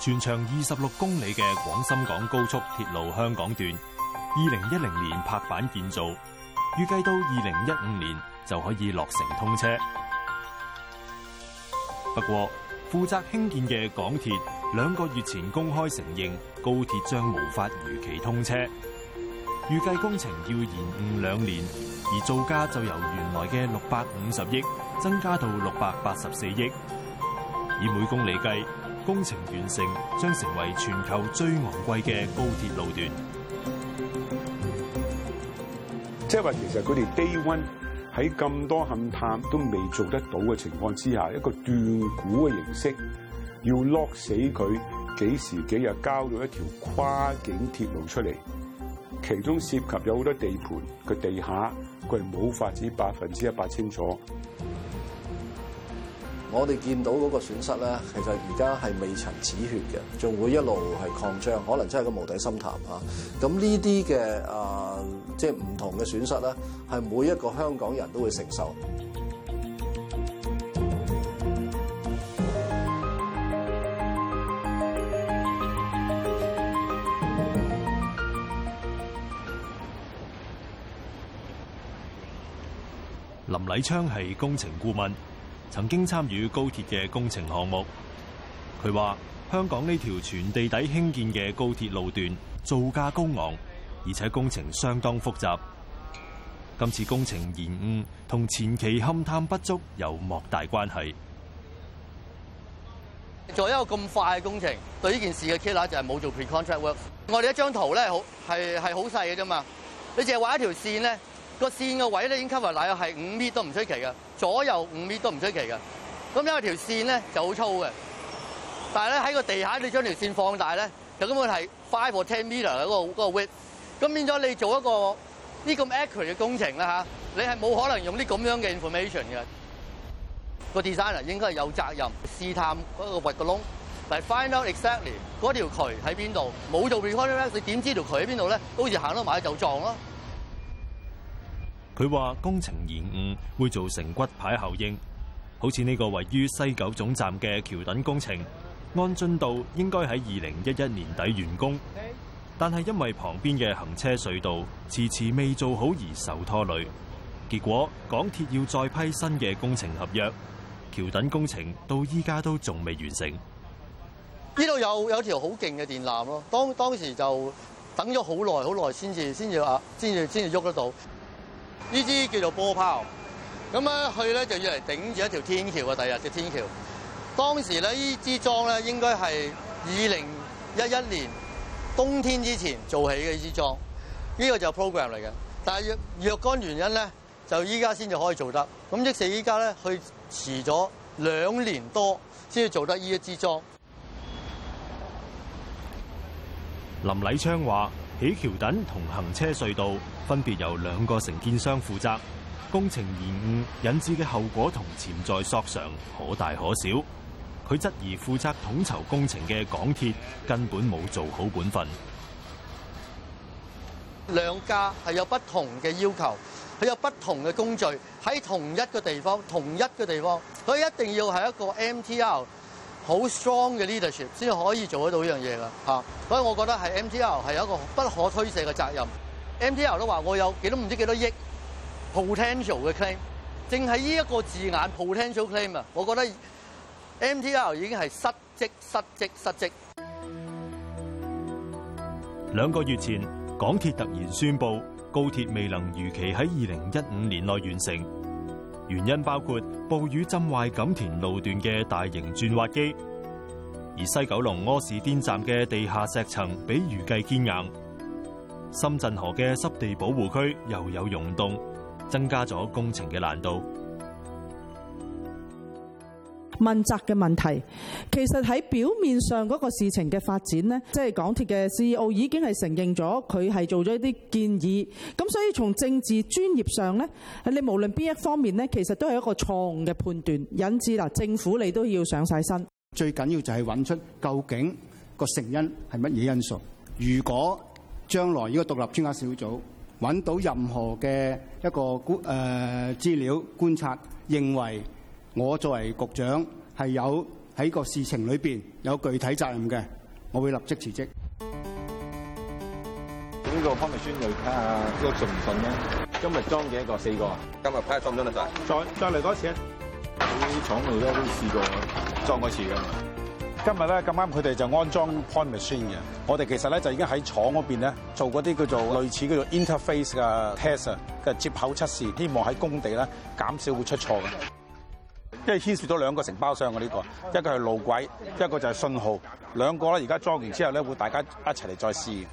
全長二十六公里嘅廣深港高速鐵路香港段，二零一零年拍板建造。預計到二零一五年就可以落成通車。不過，負責興建嘅港鐵兩個月前公開承認，高鐵將無法如期通車。預計工程要延誤兩年，而造價就由原來嘅六百五十億增加到六百八十四億。以每公里計，工程完成將成為全球最昂貴嘅高鐵路段。即係話，其實佢哋低 a 喺咁多勘探都未做得到嘅情況之下，一個斷股嘅形式，要落死佢幾時幾日交咗一條跨境鐵路出嚟，其中涉及有好多地盤嘅地下，佢哋冇法子百分之一百清楚。我哋見到嗰個損失咧，其實而家係未曾止血嘅，仲會一路係擴張，可能真係個無底深潭啊！咁呢啲嘅啊～、呃即係唔同嘅損失啦，係每一個香港人都會承受。林禮昌係工程顧問，曾經參與高鐵嘅工程項目。佢話：香港呢條全地底興建嘅高鐵路段，造價高昂。而且工程相當複雜，今次工程延誤同前期勘探不足有莫大關係。做一個咁快嘅工程，對呢件事嘅 killer 就係冇做 pre-contract work。我哋一張圖咧，好係係好細嘅啫嘛。你淨係畫一條線咧，個線嘅位咧已經 cover 大約係五米都唔出奇嘅，左右五米都唔出奇嘅。咁有一條線咧就好粗嘅，但係咧喺個地下你將條線放大咧，就根本係 five or ten meter 個個 width。咁變咗你做一個呢咁 accurate 嘅工程咧嚇，你係冇可能用啲咁樣嘅 information 嘅。個 designer 應該係有責任試探嗰個掘個窿，嚟 find out exactly 嗰條渠喺邊度。冇做 record 咧你點知條渠喺邊度咧？好似行到埋就撞咯。佢話工程延誤會造成骨牌效應，好似呢個位於西九總站嘅橋墩工程，按進度應該喺二零一一年底完工。但係因為旁邊嘅行車隧道遲遲未做好而受拖累，結果港鐵要再批新嘅工程合約，橋墩工程到依家都仲未完成。呢度有有條好勁嘅電纜咯，當當時就等咗好耐好耐先至先至啊，先至先至喐得到。呢支叫做波泡，咁咧去咧就要嚟頂住一條天橋啊，第日隻天橋。當時咧呢支樁咧應該係二零一一年。冬天之前做起嘅呢支裝，呢、這個就是 program 嚟嘅。但係若干原因咧，就依家先至可以做得。咁於是依家咧，佢遲咗兩年多先至做得呢一支裝。林禮昌話：起橋等同行車隧道分別由兩個承建商負責，工程延誤引致嘅後果同潛在索償可大可小。佢質疑負責統籌工程嘅港鐵根本冇做好本分。兩家係有不同嘅要求，佢有不同嘅工序，喺同一個地方，同一個地方，所以一定要係一個 MTR 好 strong 嘅 leadership 先可以做得到呢樣嘢噶嚇。所以我覺得係 MTR 係一個不可推卸嘅責任。MTR 都話我有幾多唔知幾多億 potential 嘅 claim，淨係呢一個字眼 potential claim 啊，我覺得。MTR 已經係失職、失職、失職。兩個月前，港鐵突然宣布高鐵未能如期喺二零一五年內完成，原因包括暴雨浸壞錦田路段嘅大型鑽挖機，而西九龍柯士甸站嘅地下石層比預計堅硬，深圳河嘅濕地保護區又有溶洞，增加咗工程嘅難度。問責嘅問題，其實喺表面上嗰個事情嘅發展呢，即係港鐵嘅 CEO 已經係承認咗佢係做咗一啲建議。咁所以從政治專業上呢，你無論邊一方面呢，其實都係一個錯誤嘅判斷，引致嗱政府你都要上晒身。最緊要就係揾出究竟個成因係乜嘢因素。如果將來呢個獨立專家小組揾到任何嘅一個觀誒資料觀察，認為。我作為局長係有喺個事情裏面有具體責任嘅，我會立即辭職這。呢個 point machine 啊，都順唔順咧？今日裝幾多個？四個。今日批送咗啦，就再再嚟多次。啲廠裏邊都試過裝多次㗎嘛。今日咧咁啱，佢哋就安裝 point machine 嘅。我哋其實咧就已經喺廠嗰邊咧做嗰啲叫做類似叫做 interface 嘅 test 嘅接口測試，希望喺工地咧減少會出錯嘅。即係牽涉到兩個承包商嘅呢個，一個係路軌，一個就係信號。兩個咧，而家裝完之後咧，會大家一齊嚟再試。呢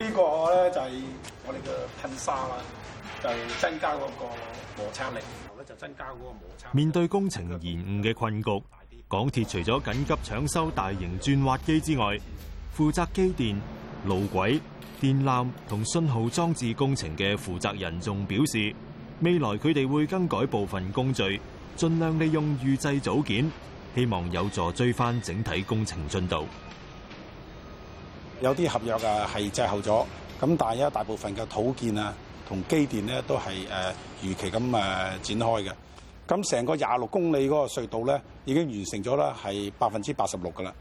個咧就係我哋嘅噴砂啦，就增加嗰個摩擦力，然後咧就增加嗰個摩擦。面對工程延誤嘅困局，港鐵除咗緊急搶修大型鑽挖機之外，負責機電、路軌、電纜同信號裝置工程嘅負責人仲表示，未來佢哋會更改部分工序。盡量利用預製組件，希望有助追翻整體工程進度。有啲合約啊係滯後咗，咁但係咧大部分嘅土建啊同機電咧都係誒如期咁誒展開嘅。咁成個廿六公里嗰個隧道咧已經完成咗啦，係百分之八十六噶啦。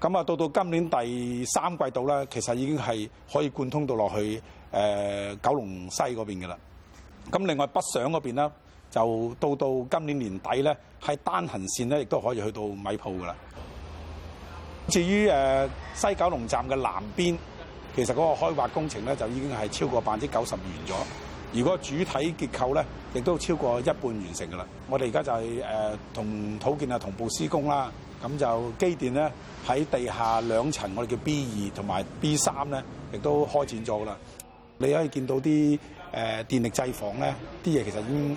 咁啊到到今年第三季度咧，其實已經係可以貫通到落去誒九龍西嗰邊噶啦。咁另外北上嗰邊啦。就到到今年年底咧，係單行線咧，亦都可以去到米埔噶啦。至於誒、呃、西九龍站嘅南邊，其實嗰個開挖工程咧就已經係超過百分之九十完咗。如果主體結構咧，亦都超過一半完成噶啦。我哋而家就係、是、誒、呃、同土建啊同步施工啦。咁就機電咧喺地下兩層，我哋叫 B 二同埋 B 三咧，亦都開展咗啦。你可以見到啲誒、呃、電力制房咧，啲嘢其實已經。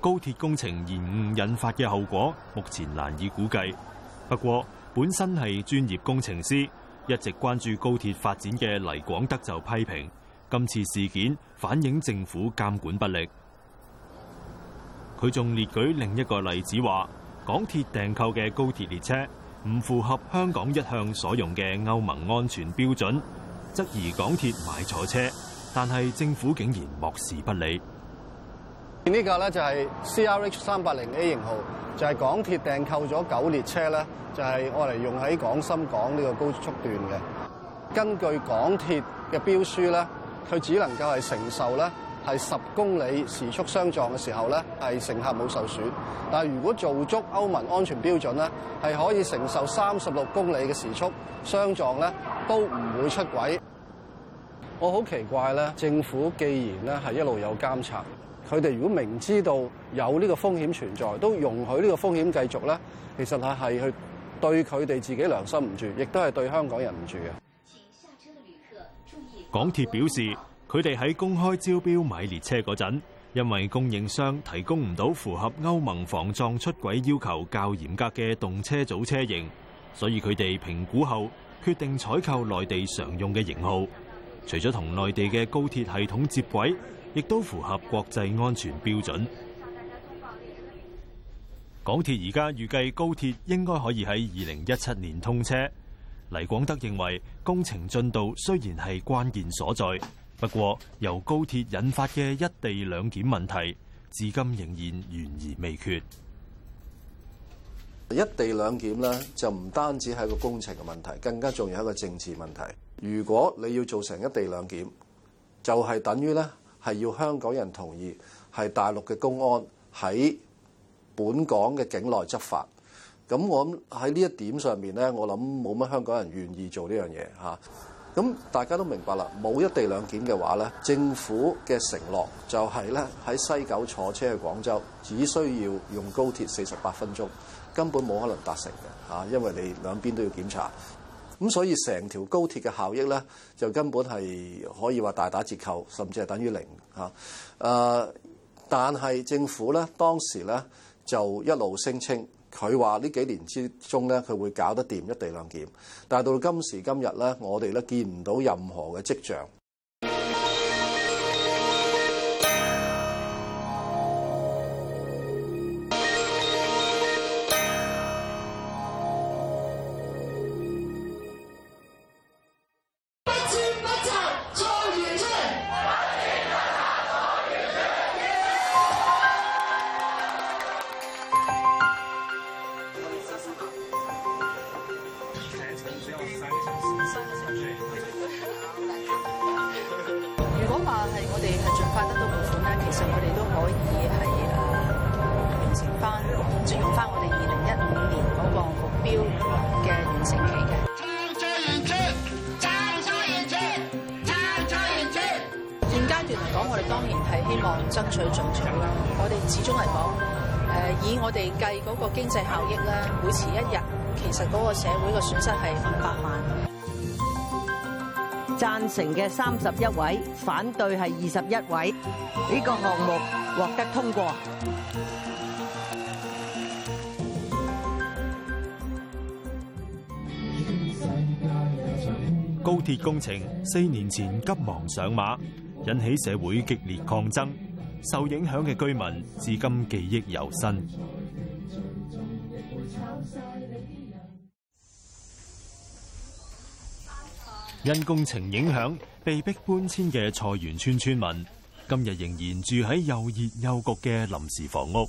高鐵工程延誤引發嘅後果，目前難以估計。不過，本身係專業工程師，一直關注高鐵發展嘅黎廣德就批評，今次事件反映政府監管不力。佢仲列舉另一個例子，話港鐵訂購嘅高鐵列車唔符合香港一向所用嘅歐盟安全標準，質疑港鐵買錯車，但係政府竟然漠視不理。呢架咧就係 CRH380A 型號，就係、是、港鐵訂購咗九列車咧，就係我嚟用喺港深港呢個高速段嘅。根據港鐵嘅標書咧，佢只能夠係承受咧係十公里時速相撞嘅時候咧係乘客冇受損。但係如果做足歐盟安全標準咧，係可以承受三十六公里嘅時速相撞咧都唔會出軌。我好奇怪咧，政府既然咧係一路有監察。佢哋如果明知道有呢個風險存在，都容許呢個風險繼續咧，其實，係，係去對佢哋自己良心唔住，亦都係對香港人唔住啊。請落車嘅旅客注意。港鐵表示，佢哋喺公開招標買列車嗰陣，因為供應商提供唔到符合歐盟防撞出軌要求較嚴格嘅動車組車型，所以佢哋評估後決定採購內地常用嘅型號，除咗同內地嘅高鐵系統接軌。亦都符合國際安全標準。港鐵而家預計高鐵應該可以喺二零一七年通車。黎廣德認為工程進度雖然係關鍵所在，不過由高鐵引發嘅一地兩檢問題，至今仍然懸而未決。一地兩檢呢，就唔單止係個工程嘅問題，更加重要係一個政治問題。如果你要做成一地兩檢，就係等於呢。係要香港人同意，係大陸嘅公安喺本港嘅境內執法。咁我諗喺呢一點上面呢，我諗冇乜香港人願意做呢樣嘢嚇。咁大家都明白啦，冇一地兩檢嘅話呢，政府嘅承諾就係呢：喺西九坐車去廣州，只需要用高鐵四十八分鐘，根本冇可能達成嘅嚇，因為你兩邊都要檢查。咁所以成條高鐵嘅效益呢，就根本係可以話大打折扣，甚至係等於零吓，誒，但係政府呢，當時呢，就一路聲稱佢話呢幾年之中呢，佢會搞得掂一地兩檢，但係到今時今日呢，我哋呢，見唔到任何嘅跡象。如果話係我哋係盡快得到撥款咧，其實我哋都可以係誒完成翻，追用翻我哋二零一五年個目標嘅完成期嘅。現階段嚟講，我哋當然係希望爭取進取啦。我哋始終嚟講誒以我哋計個經濟效益咧，每遲一日。實嗰個社會嘅損失係五百萬。贊成嘅三十一位，反對係二十一位，呢個項目獲得通過。高鐵工程四年前急忙上馬，引起社會激烈抗爭，受影響嘅居民至今記憶猶新。因工程影響被逼搬遷嘅菜園村村民，今日仍然住喺又熱又焗嘅臨時房屋。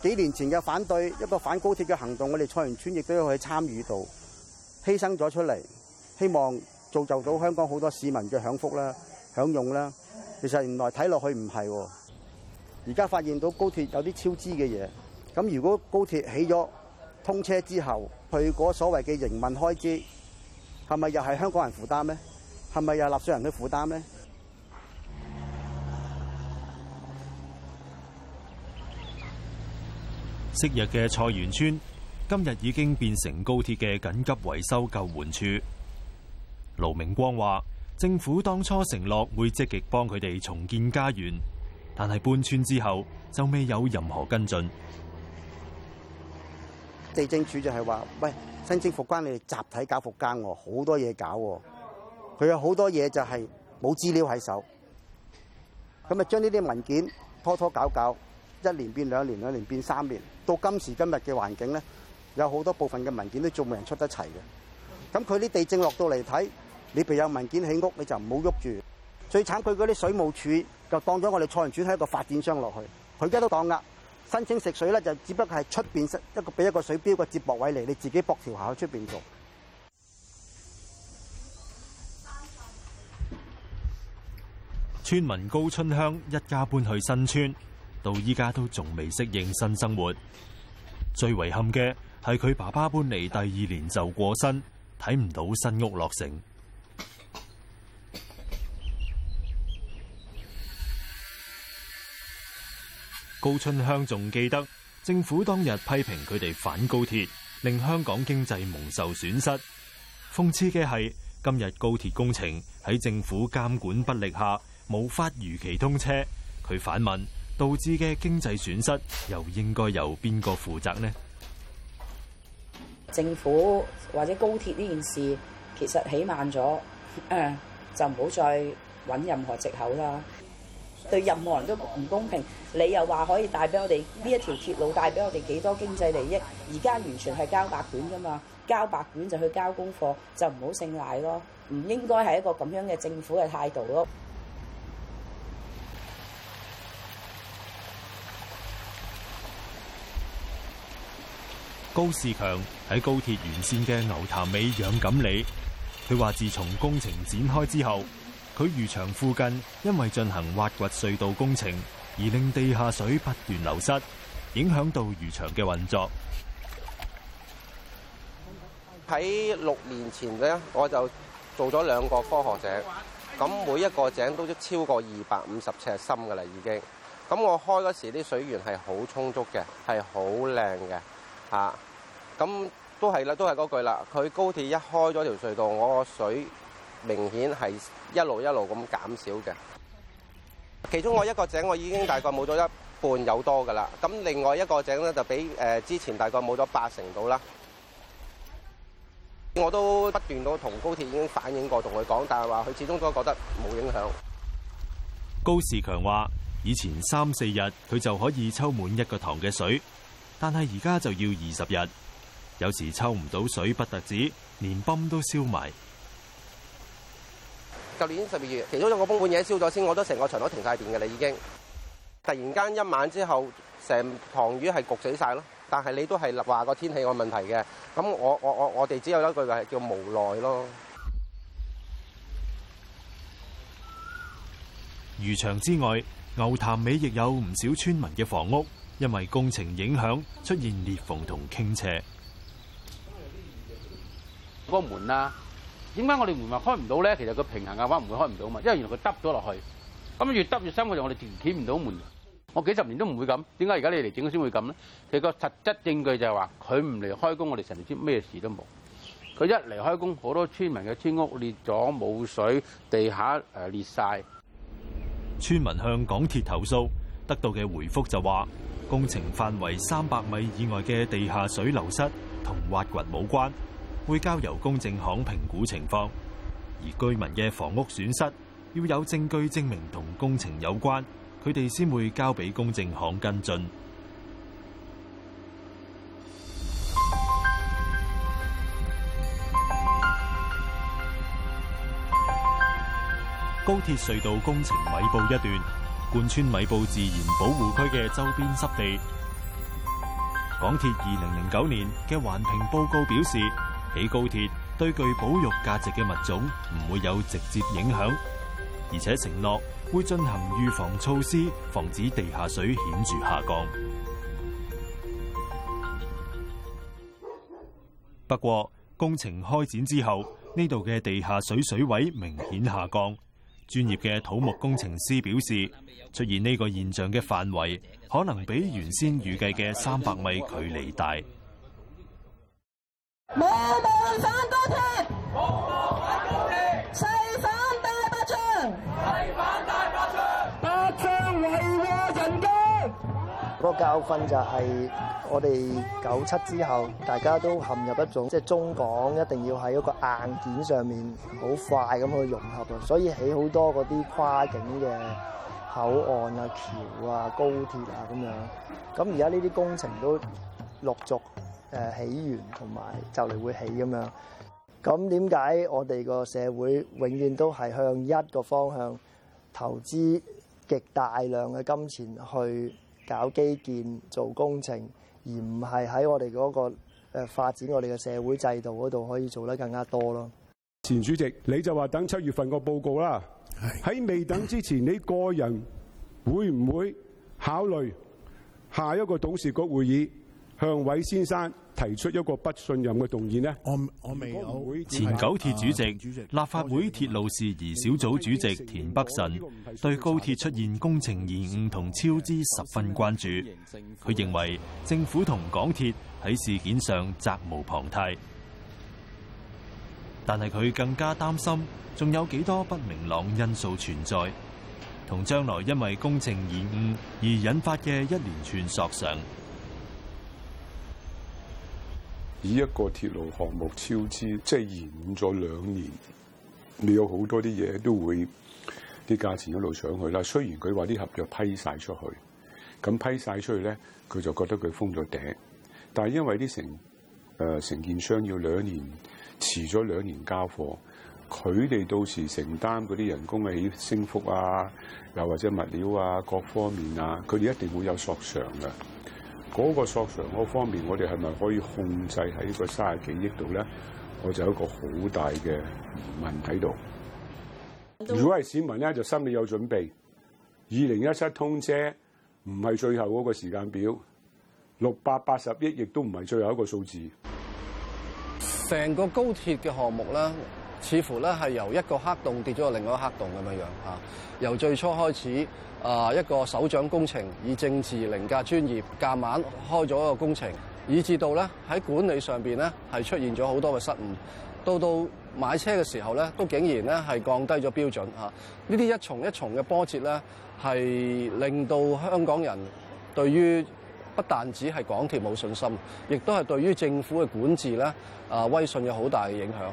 幾年前嘅反對一個反高鐵嘅行動，我哋菜園村亦都有去參與到，犧牲咗出嚟，希望造就到香港好多市民嘅享福啦、享用啦。其實原來睇落去唔係，而家發現到高鐵有啲超支嘅嘢。咁如果高鐵起咗通車之後，佢嗰所謂嘅營運開支。係咪又係香港人負擔呢？係咪又係納稅人嘅負擔呢？昔日嘅菜園村，今日已經變成高鐵嘅緊急維修救援處。盧明光話，政府當初承諾會積極幫佢哋重建家園，但係搬村之後就未有任何跟進。地政署就係話，喂，新政府關你哋集體搞復耕喎、哦，好多嘢搞喎、哦，佢有好多嘢就係冇資料喺手，咁啊將呢啲文件拖拖搞搞，一年變兩年，兩年變三年，到今時今日嘅環境咧，有好多部分嘅文件都仲未人出得齊嘅。咁佢啲地政落到嚟睇，你哋有文件起屋你就唔好喐住。最慘佢嗰啲水務署就當咗我哋菜園村係一個發展商落去，佢而家都擋壓。申請食水咧，就只不過係出邊一個俾一個水表個接駁位嚟，你自己駁條下喺出邊做。村民高春香一家搬去新村，到依家都仲未適應新生活。最遺憾嘅係佢爸爸搬嚟第二年就過身，睇唔到新屋落成。高春香仲記得政府當日批評佢哋反高鐵，令香港經濟蒙受損失。諷刺嘅係今日高鐵工程喺政府監管不力下，無法如期通車。佢反問：導致嘅經濟損失又應該由邊個負責呢？政府或者高鐵呢件事，其實起慢咗，呃，就唔好再揾任何藉口啦。對任何人都唔公平，你又話可以帶俾我哋呢一條鐵路帶俾我哋幾多經濟利益？而家完全係交白卷噶嘛？交白卷就去交功課，就唔好姓賴咯。唔應該係一個咁樣嘅政府嘅態度咯。高士強喺高鐵沿線嘅牛潭尾養錦鯉，佢話：自從工程展開之後。佢魚場附近因為進行挖掘隧道工程，而令地下水不斷流失，影響到魚場嘅運作。喺六年前呢，我就做咗兩個科學井，咁每一個井都超過二百五十尺深噶啦，已經。咁我開嗰時啲水源係好充足嘅，係好靚嘅，啊！咁都係啦，都係嗰句啦。佢高鐵一開咗條隧道，我個水。明顯係一路一路咁減少嘅，其中我一個井我已經大概冇咗一半有多噶啦，咁另外一個井呢，就比誒之前大概冇咗八成度啦。我都不斷到同高鐵已經反映過，同佢講，但係話佢始終都覺得冇影響。高士強話：以前三四日佢就可以抽滿一個塘嘅水，但係而家就要二十日，有時抽唔到水不特止，連泵都燒埋。舊年十二月，其中一個風管嘢燒咗先，我都成個場都停晒電㗎喇，已經。突然間一晚之後，成塘魚係焗死晒咯。但係你都係話個天氣個問題嘅，咁我我我我哋只有一句話係叫無奈咯。漁場之外，牛潭尾亦有唔少村民嘅房屋，因為工程影響出現裂縫同傾斜。嗰個門啊！點解我哋門話開唔到咧？其實個平衡嘅話唔會開唔到嘛，因為原來佢耷咗落去，咁越耷越深嘅時我哋就揭唔到門。我幾十年都唔會咁，點解而家你嚟整先會咁咧？其實個實質證據就係話，佢唔嚟開工，我哋成條村咩事都冇。佢一嚟開工，好多村民嘅村屋裂咗冇水，地下誒裂晒。村民向港鐵投訴，得到嘅回覆就話：工程範圍三百米以外嘅地下水流失同挖掘冇關。會交由公證行評估情況，而居民嘅房屋損失要有證據證明同工程有關，佢哋先會交俾公證行跟進。高鐵隧道工程米埔一段貫穿米埔自然保護區嘅周邊濕地。港鐵二零零九年嘅環評報告表示，起高鐵對具保育價值嘅物種唔會有直接影響，而且承諾會進行預防措施，防止地下水顯著下降。不過工程開展之後，呢度嘅地下水水位明顯下降。專業嘅土木工程師表示，出現呢個現象嘅範圍可能比原先預計嘅三百米距離大。武漢反高鐵，武漢反高鐵，細反大八槍，細反大八槍，八槍為禍人間。個教訓就係我哋九七之後，大家都陷入一種即係中港一定要喺一個硬件上面好快咁去融合啊，所以起好多嗰啲跨境嘅口岸啊、橋啊、高鐵啊咁樣。咁而家呢啲工程都陸續。誒、啊、起源同埋就嚟會起咁樣，咁點解我哋個社會永遠都係向一個方向投資極大量嘅金錢去搞基建、做工程，而唔係喺我哋嗰、那個誒、呃、發展我哋嘅社會制度嗰度可以做得更加多咯？錢主席，你就話等七月份個報告啦。喺未等之前，你個人會唔會考慮下一個董事局會議向偉先生，提出一個不信任嘅動議呢，我我未有。前九鐵主席是是、立法會鐵路事宜小組主席田北辰對高鐵出現工程延誤同超支十分關注。佢認為政府同港鐵喺事件上責無旁貸，但係佢更加擔心仲有幾多不明朗因素存在，同將來因為工程延誤而引發嘅一連串索償。以一個鐵路項目超支，即係延誤咗兩年，你有好多啲嘢都會啲價錢一路上去啦。雖然佢話啲合約批晒出去，咁批晒出去咧，佢就覺得佢封咗頂。但係因為啲成誒承建商要兩年遲咗兩年交貨，佢哋到時承擔嗰啲人工嘅升幅啊，又或者物料啊各方面啊，佢哋一定會有索償嘅。嗰、那個索償嗰方面，我哋係咪可以控制喺個卅幾億度咧？我就有一個好大嘅疑問喺度。如果係市民咧，就心理有準備。二零一七通車唔係最後嗰個時間表，六百八十億亦都唔係最後一個數字。成個高鐵嘅項目啦。似乎咧係由一個黑洞跌咗落另外一個黑洞咁樣樣嚇、啊。由最初開始啊，一個首長工程以政治凌駕專業，夾硬開咗一個工程，以至到咧喺管理上邊咧係出現咗好多嘅失誤，到到買車嘅時候咧，都竟然咧係降低咗標準嚇。呢、啊、啲一重一重嘅波折咧，係令到香港人對於不但只係港鐵冇信心，亦都係對於政府嘅管治咧啊威信有好大嘅影響。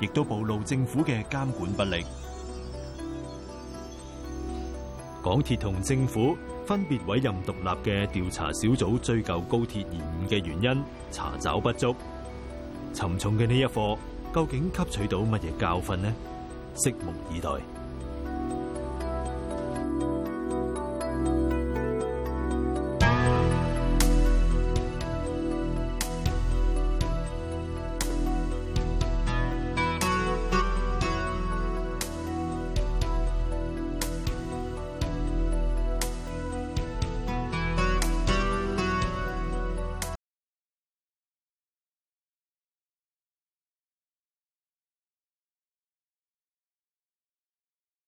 亦都暴露政府嘅監管不力。港鐵同政府分別委任獨立嘅調查小組追究高鐵延誤嘅原因，查找不足。沉重嘅呢一課，究竟吸取到乜嘢教訓呢？拭目以待。